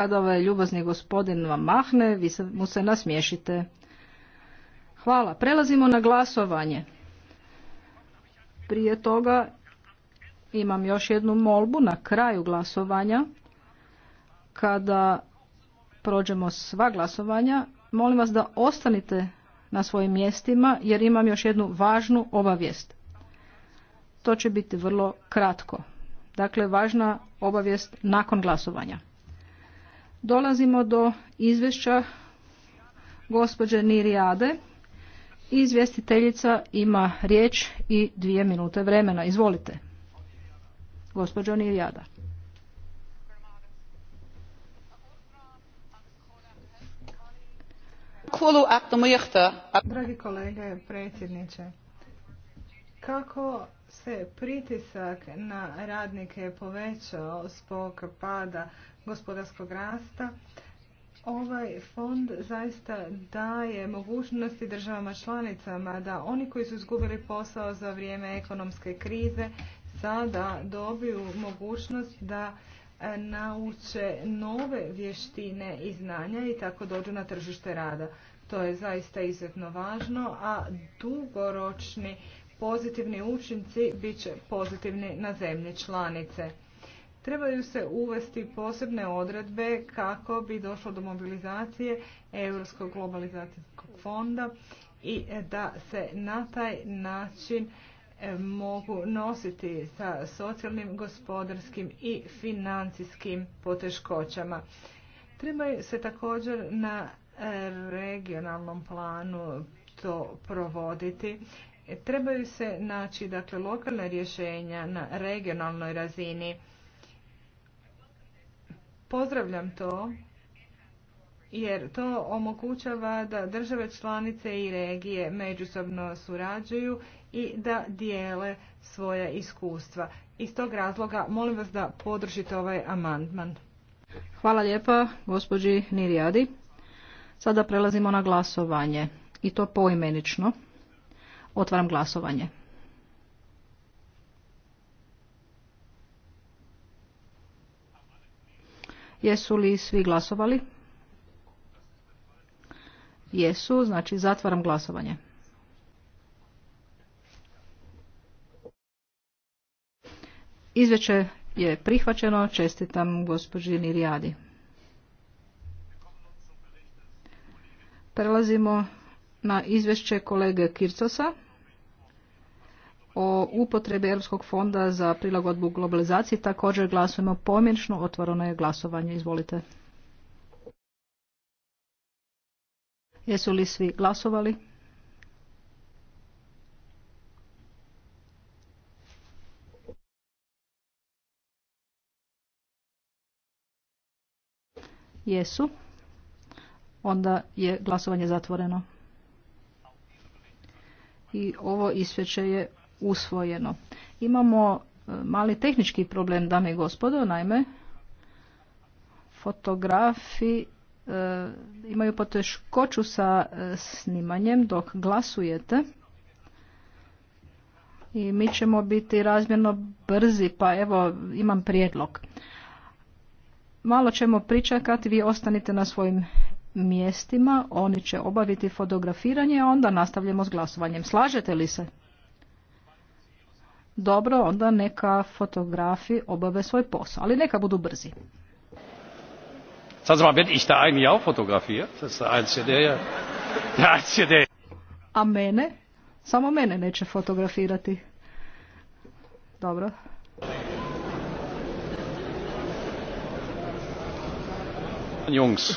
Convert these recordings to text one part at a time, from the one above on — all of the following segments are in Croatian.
Kada ovaj ljubazni gospodin vam mahne, vi mu se nasmiješite. Hvala. Prelazimo na glasovanje. Prije toga imam još jednu molbu na kraju glasovanja. Kada prođemo sva glasovanja, molim vas da ostanite na svojim mjestima jer imam još jednu važnu obavijest. To će biti vrlo kratko. Dakle, važna obavijest nakon glasovanja dolazimo do izvješća gospođe Nirijade. Izvjestiteljica ima riječ i dvije minute vremena. Izvolite. Gospođo Nirijada. Dragi kolege, predsjedniče, kako se pritisak na radnike povećao zbog pada gospodarskog rasta. Ovaj fond zaista daje mogućnosti državama članicama da oni koji su izgubili posao za vrijeme ekonomske krize sada dobiju mogućnost da e, nauče nove vještine i znanja i tako dođu na tržište rada. To je zaista izuzetno važno, a dugoročni pozitivni učinci bit će pozitivni na zemlje članice trebaju se uvesti posebne odredbe kako bi došlo do mobilizacije Europskog globalizacijskog fonda i da se na taj način e, mogu nositi sa socijalnim, gospodarskim i financijskim poteškoćama. Trebaju se također na e, regionalnom planu to provoditi. E, trebaju se naći dakle, lokalna rješenja na regionalnoj razini Pozdravljam to jer to omogućava da države članice i regije međusobno surađuju i da dijele svoja iskustva. Iz tog razloga molim vas da podržite ovaj amandman. Hvala lijepa gospođi Nirijadi. Sada prelazimo na glasovanje i to poimenično. Otvaram glasovanje. Jesu li svi glasovali? Jesu, znači zatvaram glasovanje. Izveće je prihvaćeno, čestitam gospođi Nirijadi. Prelazimo na izvješće kolege Kircosa o upotrebi Europskog fonda za prilagodbu globalizaciji. Također glasujemo pomjenčno. Otvoreno je glasovanje. Izvolite. Jesu li svi glasovali? Jesu. Onda je glasovanje zatvoreno. I ovo izvješće je usvojeno. Imamo e, mali tehnički problem, dame i gospodo, naime, fotografi e, imaju poteškoću sa e, snimanjem dok glasujete i mi ćemo biti razmjerno brzi, pa evo imam prijedlog. Malo ćemo pričakati, vi ostanite na svojim mjestima, oni će obaviti fotografiranje, a onda nastavljamo s glasovanjem. Slažete li se? Dobro, onda neka fotografi obave svoj posao, ali neka budu brzi. Sad znam, ich da eigentlich auch fotografiert? Das ist der Einzige, ja... Der der... A mene? Samo mene neće fotografirati. Dobro. Jungs.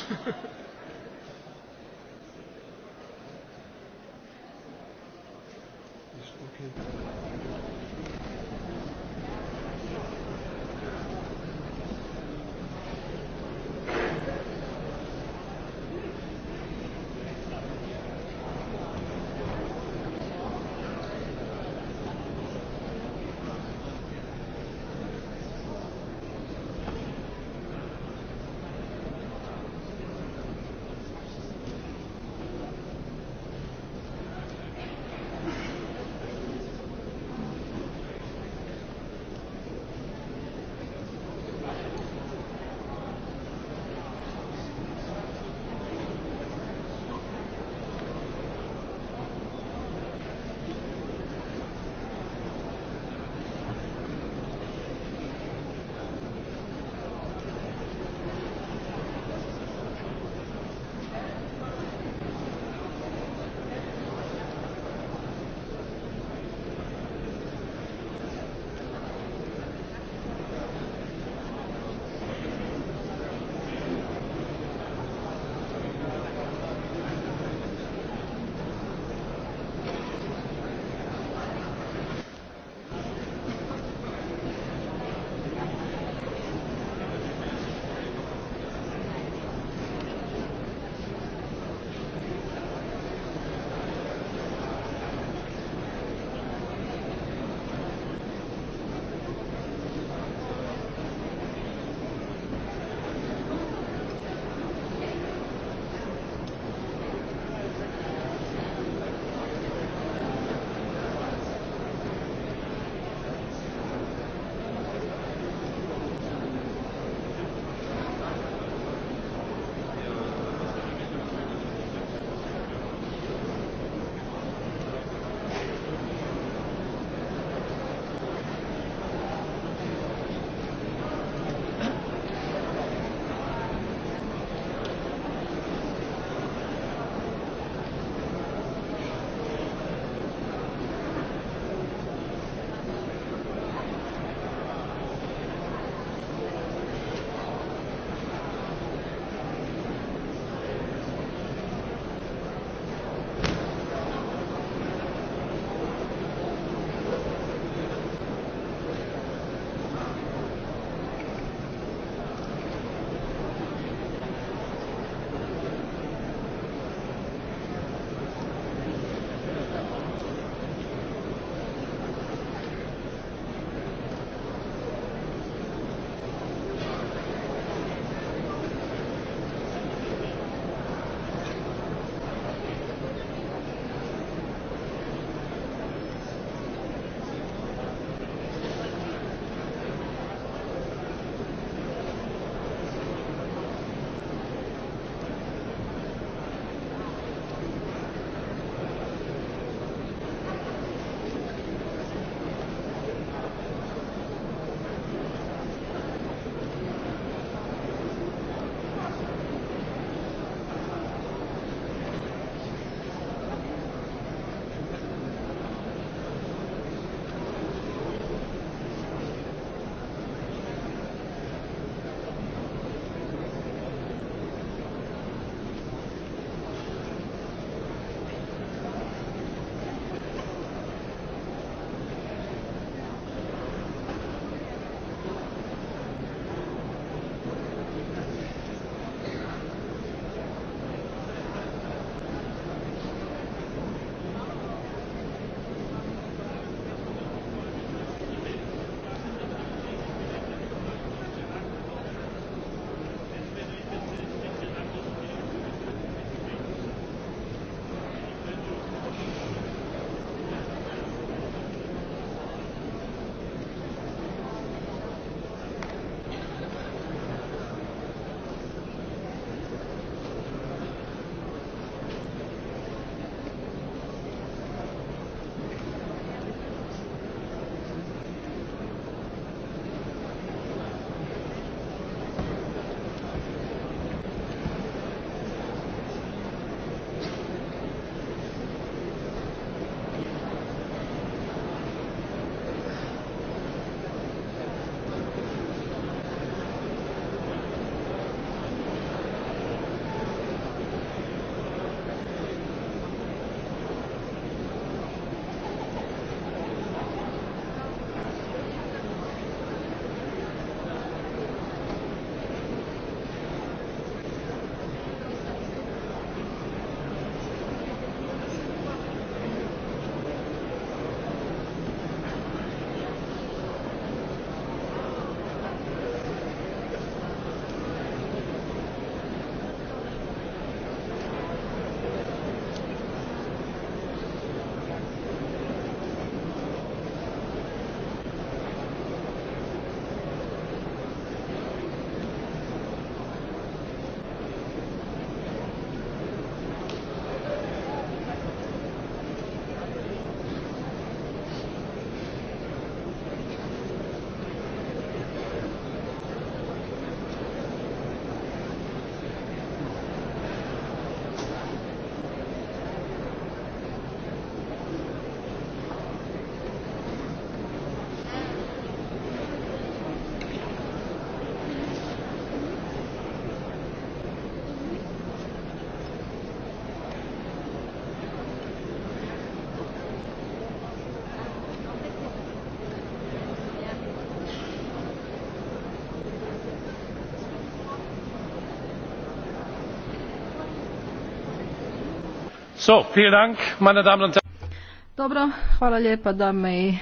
Dobro, hvala lijepa dame i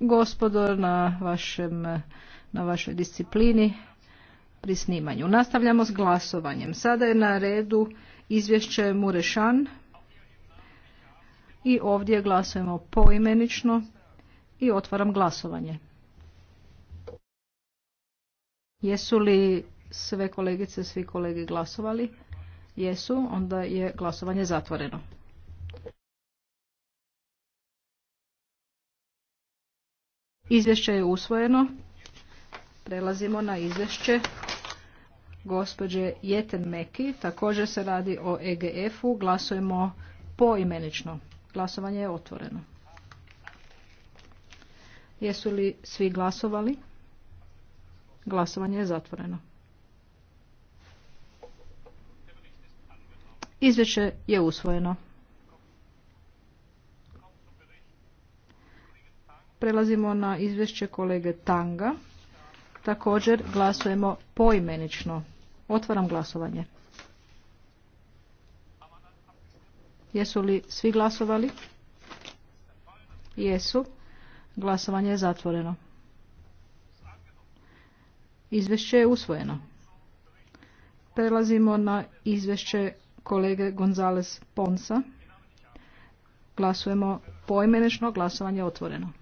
gospodo na, vašem, na vašoj disciplini pri snimanju. Nastavljamo s glasovanjem. Sada je na redu izvješće Murešan i ovdje glasujemo poimenično i otvaram glasovanje. Jesu li sve kolegice, svi kolege glasovali? Jesu, onda je glasovanje zatvoreno. Izvješće je usvojeno. Prelazimo na izvješće gospođe Jeten Meki. Također se radi o EGF-u. Glasujemo poimenično. Glasovanje je otvoreno. Jesu li svi glasovali? Glasovanje je zatvoreno. Izvješće je usvojeno. Prelazimo na izvješće kolege Tanga. Također glasujemo poimenično. Otvaram glasovanje. Jesu li svi glasovali? Jesu. Glasovanje je zatvoreno. Izvješće je usvojeno. Prelazimo na izvješće kolege Gonzales Ponsa. Glasujemo poimenično, glasovanje je otvoreno.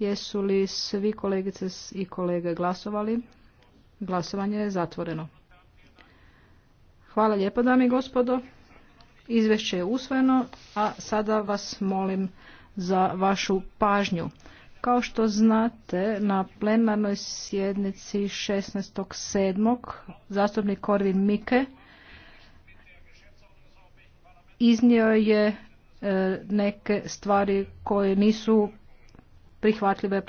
Jesu li svi kolegice i kolege glasovali? Glasovanje je zatvoreno. Hvala lijepo dame i gospodo. Izvješće je usvojeno, a sada vas molim za vašu pažnju. Kao što znate, na plenarnoj sjednici 16.7. zastupnik Korvin Mike iznio je e, neke stvari koje nisu prihvatljive